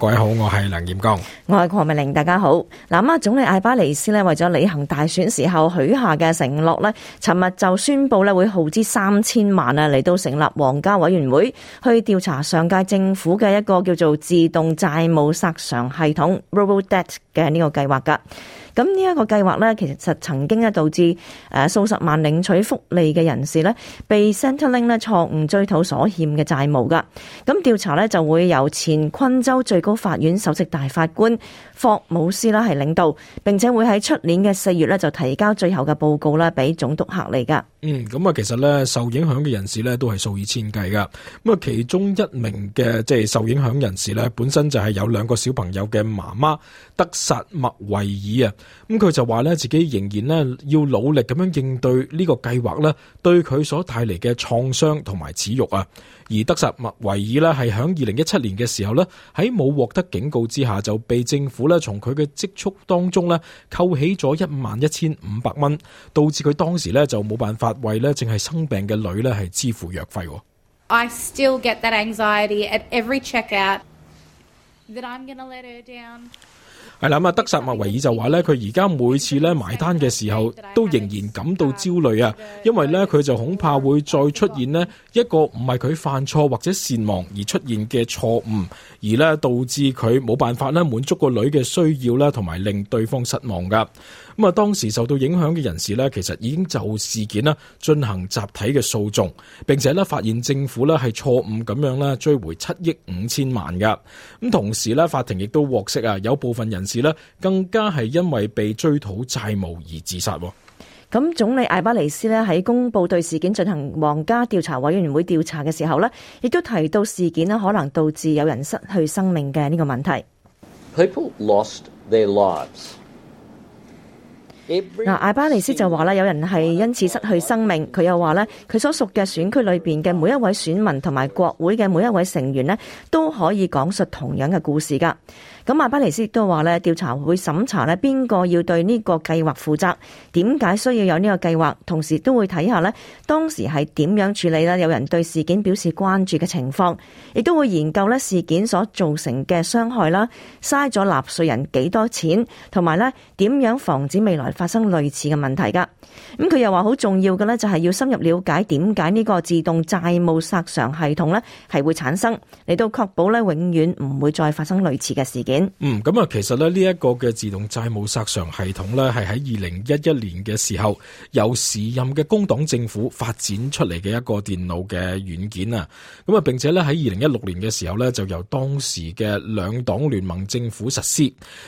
各位好，我係梁艷江，我係鄺美玲，大家好。嗱，啊，總理艾巴尼斯咧為咗履行大選時候許下嘅承諾咧，尋日就宣布咧會耗資三千萬啊嚟到成立皇家委員會去調查上屆政府嘅一個叫做自動債務索償系統 （Robodebt） 嘅呢個計劃噶。咁呢一個計劃咧，其實曾經咧導致誒數十萬領取福利嘅人士咧，被 Centrelink 咧錯誤追討所欠嘅債務噶。咁調查咧就會由前昆州最高法院首席大法官霍姆斯啦係領導，並且會喺出年嘅四月咧就提交最後嘅報告啦，俾總督客嚟噶。嗯，咁啊，其實咧，受影響嘅人士咧，都係數以千計噶。咁啊，其中一名嘅即係受影響人士咧，本身就係有兩個小朋友嘅媽媽德薩麥維爾德薩默維爾啊。咁佢就話咧，自己仍然咧要努力咁樣應對呢個計劃咧，對佢所帶嚟嘅創傷同埋恥辱啊。而德薩默維爾咧，係喺二零一七年嘅時候呢，喺冇獲得警告之下，就被政府咧從佢嘅積蓄當中咧扣起咗一萬一千五百蚊，導致佢當時呢就冇辦法為呢淨係生病嘅女呢係支付藥費。係啦，咁啊，德薩默維爾就話咧，佢而家每次咧埋單嘅時候，都仍然感到焦慮啊，因為咧佢就恐怕會再出現呢一個唔係佢犯錯或者善忘而出現嘅錯誤，而咧導致佢冇辦法咧滿足個女嘅需要啦，同埋令對方失望噶。咁啊，當時受到影響嘅人士咧，其實已經就事件呢進行集體嘅訴訟，並且咧發現政府咧係錯誤咁樣咧追回七億五千萬噶。咁同時咧，法庭亦都獲悉啊，有部分人。人士咧，更加係因為被追討債務而自殺，哦。咁，總理艾巴尼斯咧喺公布對事件進行皇家調查委員會調查嘅時候呢，亦都提到事件咧可能導致有人失去生命嘅呢個問題。People lost their lives。嗱，艾巴尼斯就話咧，有人係因此失去生命。佢又話咧，佢所屬嘅選區裏邊嘅每一位選民同埋國會嘅每一位成員咧，都可以講述同樣嘅故事噶。咁阿巴尼斯亦都話咧，調查會審查咧邊個要對呢個計劃負責，點解需要有呢個計劃，同時都會睇下咧當時係點樣處理啦。有人對事件表示關注嘅情況，亦都會研究咧事件所造成嘅傷害啦，嘥咗納稅人幾多錢，同埋咧點樣防止未來發生類似嘅問題噶。咁佢又話好重要嘅咧，就係要深入了解點解呢個自動債務索償系統咧係會產生，嚟到確保咧永遠唔會再發生類似嘅事件。嗯，咁啊，其實咧呢一個嘅自動債務索償系統咧，係喺二零一一年嘅時候由時任嘅工黨政府發展出嚟嘅一個電腦嘅軟件啊。咁啊，並且咧喺二零一六年嘅時候咧，就由當時嘅兩黨聯盟政府實施。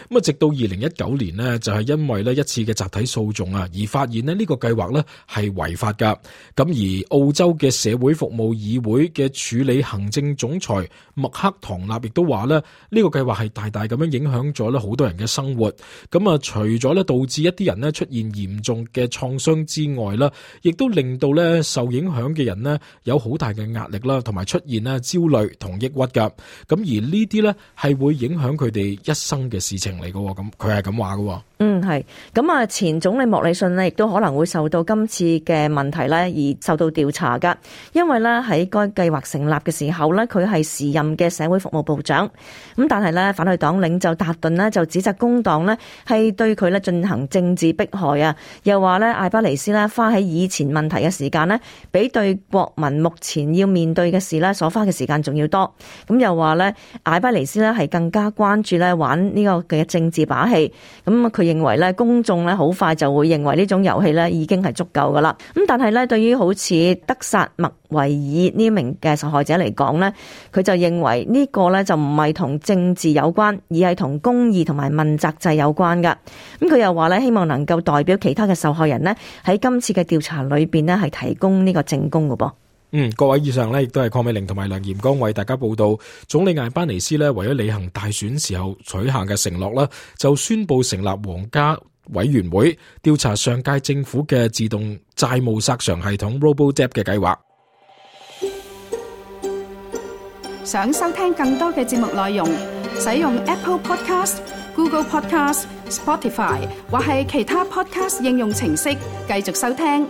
咁啊，直到二零一九年咧，就係因為咧一次嘅集體訴訟啊，而發現咧呢個計劃咧係違法噶。咁而澳洲嘅社會服務議會嘅處理行政總裁麥克唐納亦都話咧呢個計劃係大大。係咁樣影響咗咧好多人嘅生活，咁啊除咗咧導致一啲人咧出現嚴重嘅創傷之外呢，亦都令到咧受影響嘅人咧有好大嘅壓力啦，同埋出現咧焦慮同抑鬱噶，咁而呢啲咧係會影響佢哋一生嘅事情嚟㗎喎。咁佢係咁話㗎喎。嗯，係咁啊！前總理莫里遜呢亦都可能會受到今次嘅問題呢而受到調查噶，因為呢，喺該計劃成立嘅時候呢，佢係時任嘅社會服務部長。咁但係呢，反對黨領袖達頓呢就指責工黨呢係對佢呢進行政治迫害啊！又話呢，艾巴尼斯呢花喺以前問題嘅時間呢，比對國民目前要面對嘅事呢所花嘅時間仲要多。咁又話呢，艾巴尼斯呢係更加關注呢玩呢個嘅政治把戲。咁佢。認為咧公眾咧好快就會認為呢種遊戲咧已經係足夠噶啦，咁但係咧對於好似德薩麥維爾呢名嘅受害者嚟講咧，佢就認為呢個咧就唔係同政治有關，而係同公義同埋問責制有關嘅。咁佢又話咧，希望能夠代表其他嘅受害人呢喺今次嘅調查裏邊呢係提供呢個證供噶噃。嗯，各位以上咧，亦都係鄺美玲同埋梁艷光為大家報道。總理艾巴尼斯咧，為咗履行大選時候許下嘅承諾啦，就宣布成立皇家委員會調查上屆政府嘅自動債務索償系統 Robo Debt 嘅計劃。想收聽更多嘅節目內容，使用 Apple Podcast、Google Podcast、Spotify 或係其他 Podcast 應用程式繼續收聽。